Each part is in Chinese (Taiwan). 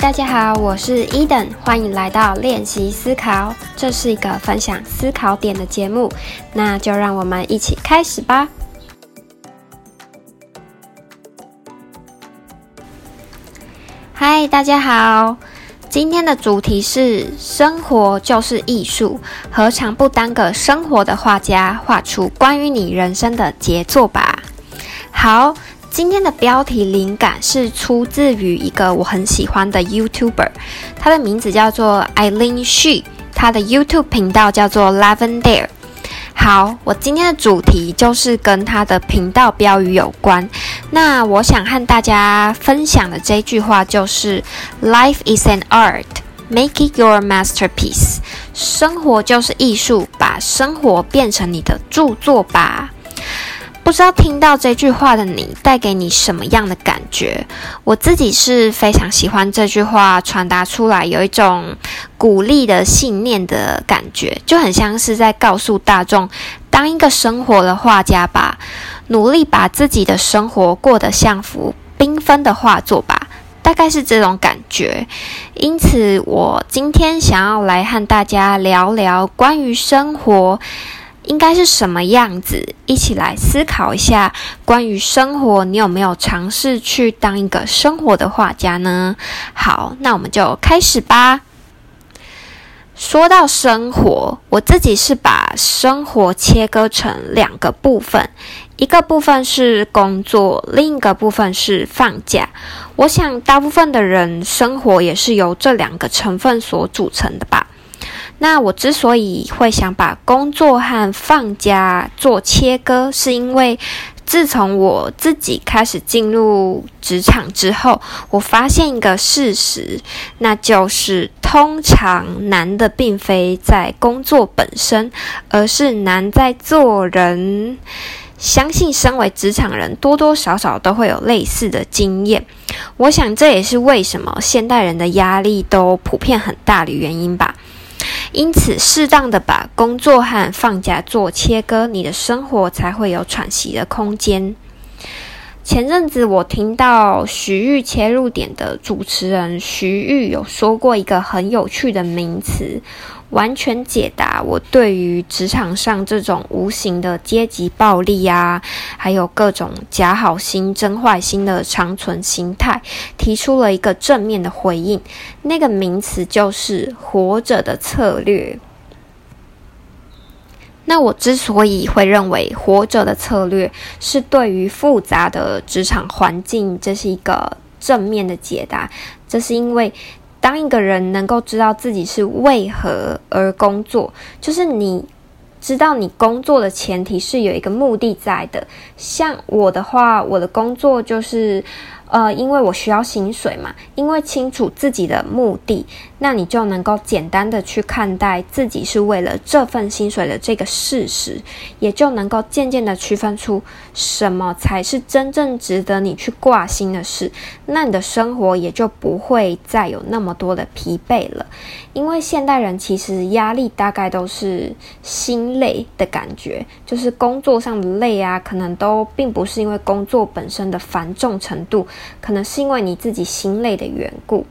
大家好，我是 Eden，歡迎來到練習思考，這是一個分享思考點的節目，那就讓我們一起開始吧。嗨，大家好，今天的主題是生活就是藝術，何嘗不當個生活的畫家，畫出關於你人生的傑作吧！好。今天的標題靈感是出自於一個我很喜歡的 YouTuber，他的名字叫做 Aileen Xu，他的 YouTube 頻道叫做 Lavendaire。好，我今天的主題就是跟他的頻道標語有關。那我想和大家分享的這句話就是：Life is an art, make it your masterpiece。生活就是藝術，把生活變成你的著作吧。不知道聽到這句話的你帶給你什麼樣的感覺？我自己是非常喜歡這句話傳達出來有一種鼓勵的信念的感覺，就很像是在告訴大眾，當一個生活的畫家吧，努力把自己的生活過得像幅繽紛的畫作吧，大概是這種感覺。因此，我今天想要來和大家聊聊關於生活。應該是什麼樣子？一起來思考一下。關於生活，你有沒有嘗試去當一個生活的畫家呢？好，那我們就開始吧。說到生活，我自己是把生活切割成兩個部分，一個部分是工作，另一個部分是放假。我想，大部分的人生活也是由這兩個成分所組成的吧。那我之所以會想把工作和放假做切割，是因為自從我自己開始進入職場之後，我發現一個事實，那就是通常難的並非在工作本身，而是難在做人。相信身為職場人，多多少少都會有類似的經驗。我想這也是為什麼現代人的壓力都普遍很大的原因吧。因此，適當的把工作和放假做切割，你的生活才會有喘息的空間。前陣子，我聽到徐玉切入點的主持人徐玉有說過一個很有趣的名詞。完全解答我對於職場上這種無形的階級暴力啊，還有各種假好心真壞心的長存心態，提出了一個正面的回應。那個名詞就是“活着的策略”。那我之所以會認為“活着的策略”是對於複雜的職場環境，這是一個正面的解答，這是因為。當一個人能夠知道自己是為何而工作，就是你知道你工作的前提是有一個目的在的。像我的話，我的工作就是。呃，因為我需要薪水嘛，因為清楚自己的目的，那你就能夠簡單的去看待自己是為了這份薪水的這個事實，也就能夠漸漸的區分出什麼才是真正值得你去掛心的事，那你的生活也就不會再有那麼多的疲憊了。因為現代人其實壓力大概都是心累的感覺，就是工作上的累啊，可能都並不是因為工作本身的繁重程度。可能是因為你自己心累的緣故。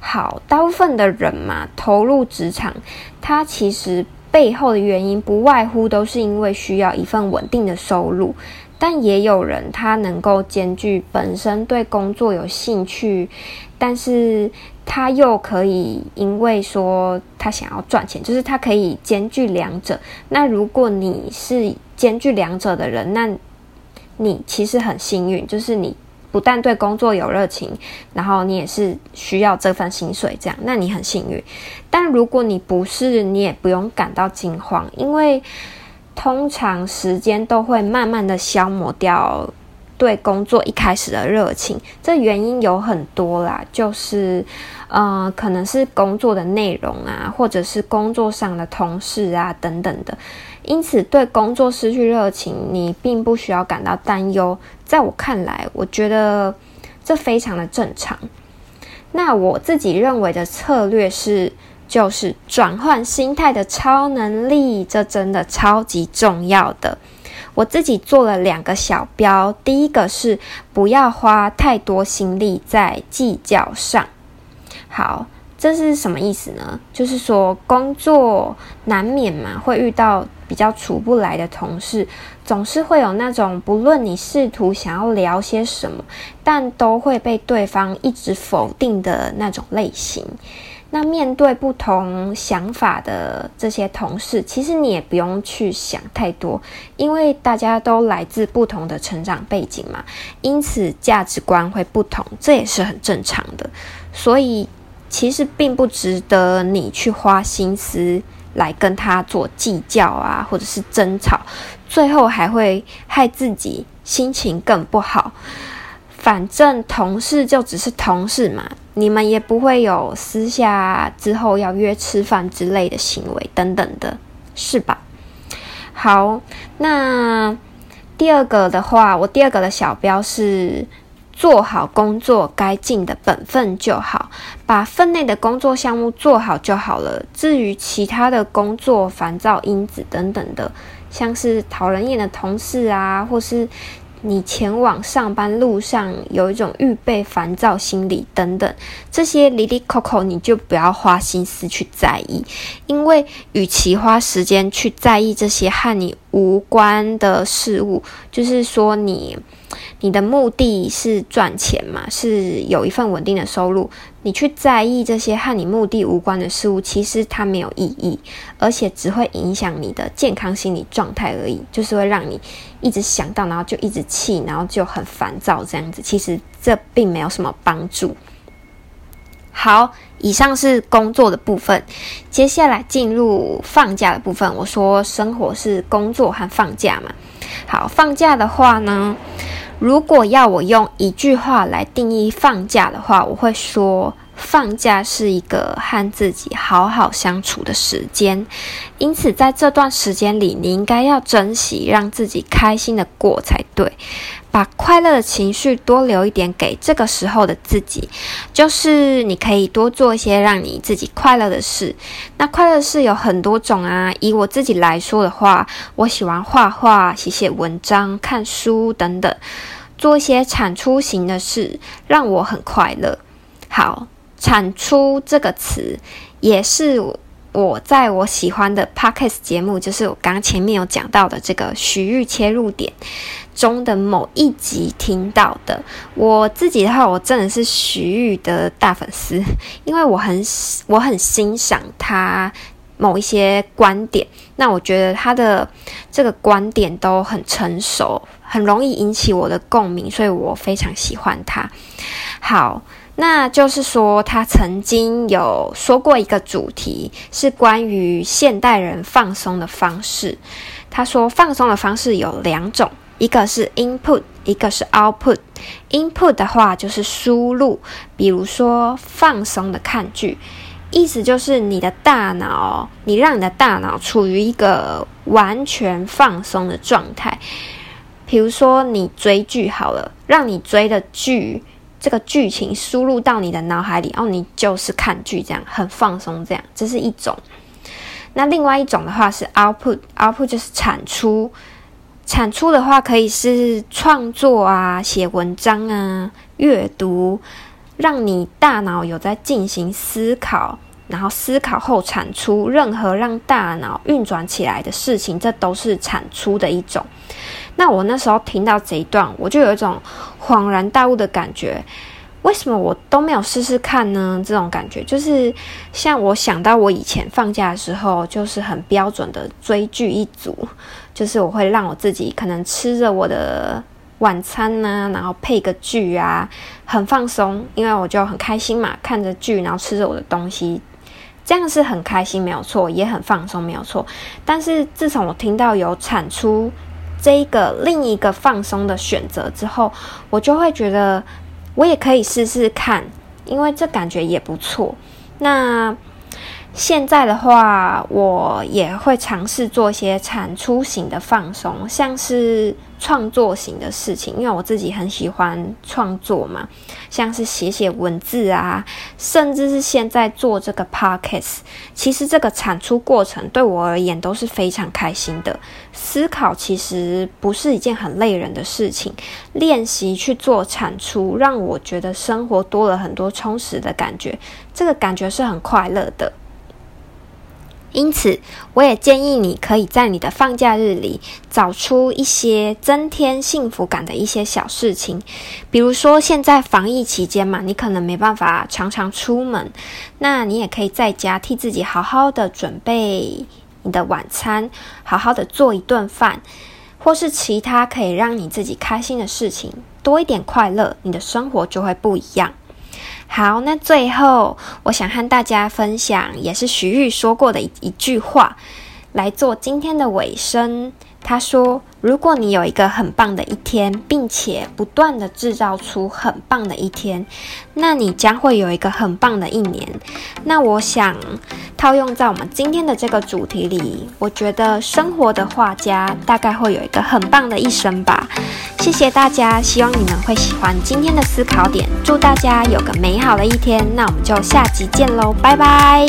好，大部分的人嘛，投入職場，他其實背後的原因不外乎都是因為需要一份穩定的收入。但也有人他能夠兼具本身對工作有興趣，但是他又可以因為說他想要賺錢，就是他可以兼具兩者。那如果你是兼具兩者的人，那你其實很幸運，就是你。不但對工作有熱情，然後你也是需要這份薪水，這樣那你很幸運。但如果你不是，你也不用感到驚慌，因為通常時間都會慢慢的消磨掉對工作一開始的熱情。這原因有很多啦，就是呃，可能是工作的內容啊，或者是工作上的同事啊等等的。因此，對工作失去熱情，你並不需要感到擔憂。在我看來，我覺得這非常的正常。那我自己認為的策略是，就是轉換心態的超能力，這真的超級重要的。我自己做了兩個小標，第一個是不要花太多心力在計較上。好，這是什麼意思呢？就是說，工作難免嘛，會遇到，比較處不來的同事，總是會有那種不論你試圖想要聊些什麼，但都會被對方一直否定的那種類型。那面對不同想法的這些同事，其實你也不用去想太多，因為大家都來自不同的成長背景嘛，因此價值觀會不同，這也是很正常的。所以其實並不值得你去花心思，來跟他做計較啊，或者是爭吵，最後還會害自己心情更不好。反正同事就只是同事嘛，你們也不會有私下之後要約吃飯之類的行為等等的，是吧？好，那第二個的話，我第二個的小標是。做好工作該盡的本分就好，把分內的工作項目做好就好了。至於其他的工作煩躁因子等等的，像是討人厭的同事啊，或是你前往上班路上有一種預備煩躁心理等等，這些哩哩叩叩你就不要花心思去在意，因為與其花時間去在意這些和你無關的事物，就是說你。你的目的是賺錢嘛？是有一份穩定的收入。你去在意這些和你目的無關的事物，其實它沒有意義，而且只會影響你的健康心理狀態而已。就是會讓你一直想到，然後就一直氣，然後就很煩躁這樣子。其實這並沒有什麼幫助。好，以上是工作的部分。接下來進入放假的部分，我說生活是工作和放假嘛。好，放假的話呢？如果要我用一句話來定義放假的話，我會說。放假是一個和自己好好相處的時間，因此在這段時間裡，你應該要珍惜，讓自己開心的過才對。把快樂的情緒多留一點給這個時候的自己，就是你可以多做一些讓你自己快樂的事。那快樂的事有很多種啊。以我自己來說的話，我喜歡畫畫、寫寫文章、看書等等，做一些產出型的事，讓我很快樂。好。產出這個詞，也是我在我喜歡的 Podcast 節目，就是我剛前面有講到的這個徐玉切入點中的某一集聽到的。我自己的話，我真的是徐玉的大粉絲，因為我很我很欣賞他某一些觀點。那我覺得他的這個觀點都很成熟，很容易引起我的共鳴，所以我非常喜歡他。好。那就是說，他曾經有說過一個主題，是關於現代人放鬆的方式。他說，放鬆的方式有兩種，一個是 input，一個是 output。input 的話就是輸入，比如說放鬆的看劇，意思就是你的大腦，你讓你的大腦處於一個完全放鬆的狀態。比如說你追劇好了，讓你追的劇，這個劇情輸入到你的腦海裡，哦，你就是看劇，這樣很放鬆，這樣這是一種。那另外一種的話是 output，output 就是產出。產出的話可以是創作啊、寫文章啊、閱讀，讓你大腦有在進行思考，然後思考後產出任何讓大腦運轉起來的事情，這都是產出的一種。那我那時候聽到這一段，我就有一種恍然大悟的感覺。為什麼我都沒有試試看呢？這種感覺就是，像我想到我以前放假的時候，就是很標準的追劇一族，就是我會讓我自己可能吃着我的晚餐吶、啊，然後配個劇啊，很放鬆，因為我就很開心嘛，看着劇，然後吃着我的東西，這樣是很開心沒有錯，也很放鬆沒有錯。但是自從我聽到有產出。這一個另一個放鬆的選擇之後，我就會覺得我也可以試試看，因為這感覺也不錯。那現在的話，我也會嘗試做一些產出型的放鬆，像是，創作型的事情，因為我自己很喜歡創作嘛，像是寫寫文字啊，甚至是現在做這個 podcast，其實這個產出過程對我而言都是非常開心的。思考其實不是一件很累人的事情，練習去做產出，讓我覺得生活多了很多充實的感覺，這個感覺是很快樂的。因此，我也建議你可以在你的放假日裡找出一些增添幸福感的一些小事情，比如說現在防疫期間嘛，你可能沒辦法常常出門，那你也可以在家替自己好好的準備你的晚餐，好好的做一頓飯，或是其他可以讓你自己開心的事情，多一點快樂，你的生活就會不一樣。好，那最後我想和大家分享，也是徐玉說過的一一句話，來做今天的尾聲。他說：“如果你有一個很棒的一天，並且不斷地製造出很棒的一天，那你將會有一個很棒的一年。”那我想套用在我們今天的這個主題裡，我覺得生活的畫家大概會有一個很棒的一生吧。謝謝大家，希望你們會喜歡今天的思考點。祝大家有個美好的一天，那我們就下集見嘍，拜拜。